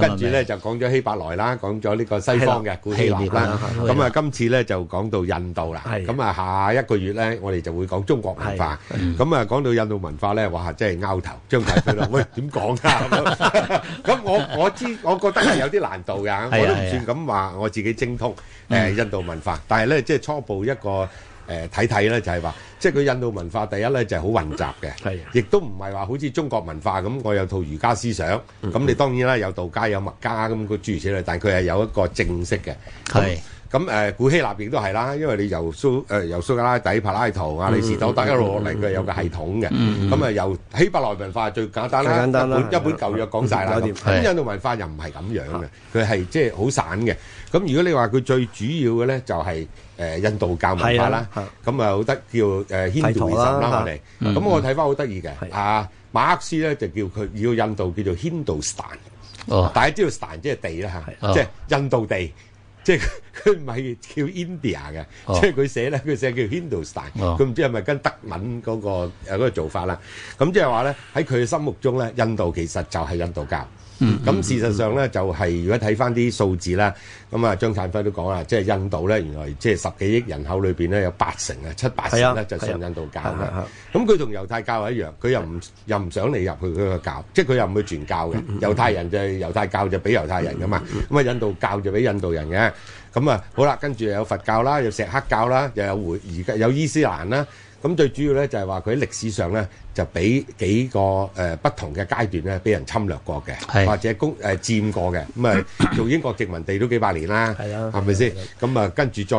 跟住咧就講咗希伯來啦，講咗呢個西方嘅古希臘啦，咁啊今次咧就講到印度啦，咁啊下一個月咧我哋就會講中國文化，咁啊講到印度文化咧，哇真係鈎頭張頭飛落，喂點講啊？咁我我知，我覺得係有啲難度㗎，我都唔算咁話我自己精通誒印度文化，但係咧即係初步一個。誒睇睇咧就係、是、話，即係佢印度文化第一咧就係、是、的好混雜嘅，亦都唔係話好似中國文化咁，我有套儒家思想，咁、嗯嗯、你當然啦有道家有墨家咁個諸如此類，但係佢係有一個正式嘅的吧咁誒古希臘亦都係啦，因為你由蘇誒由蘇格拉底、柏拉圖啊、亞里士多德一路落嚟佢有個系統嘅。咁啊由希伯來文化最簡單啦，一本舊約講晒啦。咁印度文化又唔係咁樣嘅，佢係即係好散嘅。咁如果你話佢最主要嘅咧，就係誒印度教文化啦。咁啊好得叫誒 Hinduism 啦我哋。咁我睇翻好得意嘅啊馬克思咧就叫佢要印度叫做 Hindustan。哦，大家知道 Stan 即係地啦嚇，即係印度地。即係佢唔係叫 India 嘅，哦、即係佢寫咧，佢寫叫 Hindostan、哦。佢唔知係咪跟德文嗰、嗰個誒、嗰個、做法啦。咁即係話咧，喺佢嘅心目中咧，印度其實就係印度教。咁、嗯、事實上咧，嗯、就係、是、如果睇翻啲數字啦，咁啊張燦輝都講啦，即係印度咧，原來即係十幾億人口裏邊咧，有八成啊，七八成咧就信印度教。咁佢同猶太教一樣，佢又唔又唔想你入去佢個教，即係佢又唔會傳教嘅。嗯嗯、猶太人就係猶太教就俾猶太人嘅嘛，咁啊、嗯嗯、印度教就俾印度人嘅。咁啊，好啦，跟住又有佛教啦，又錫克教啦，又有回而家有伊斯蘭啦。咁最主要咧就係話佢喺歷史上咧就俾幾個誒不同嘅階段咧俾人侵略過嘅，或者攻誒佔過嘅。咁啊，做英國殖民地都幾百年啦，係啊，係咪先？咁啊，跟住再。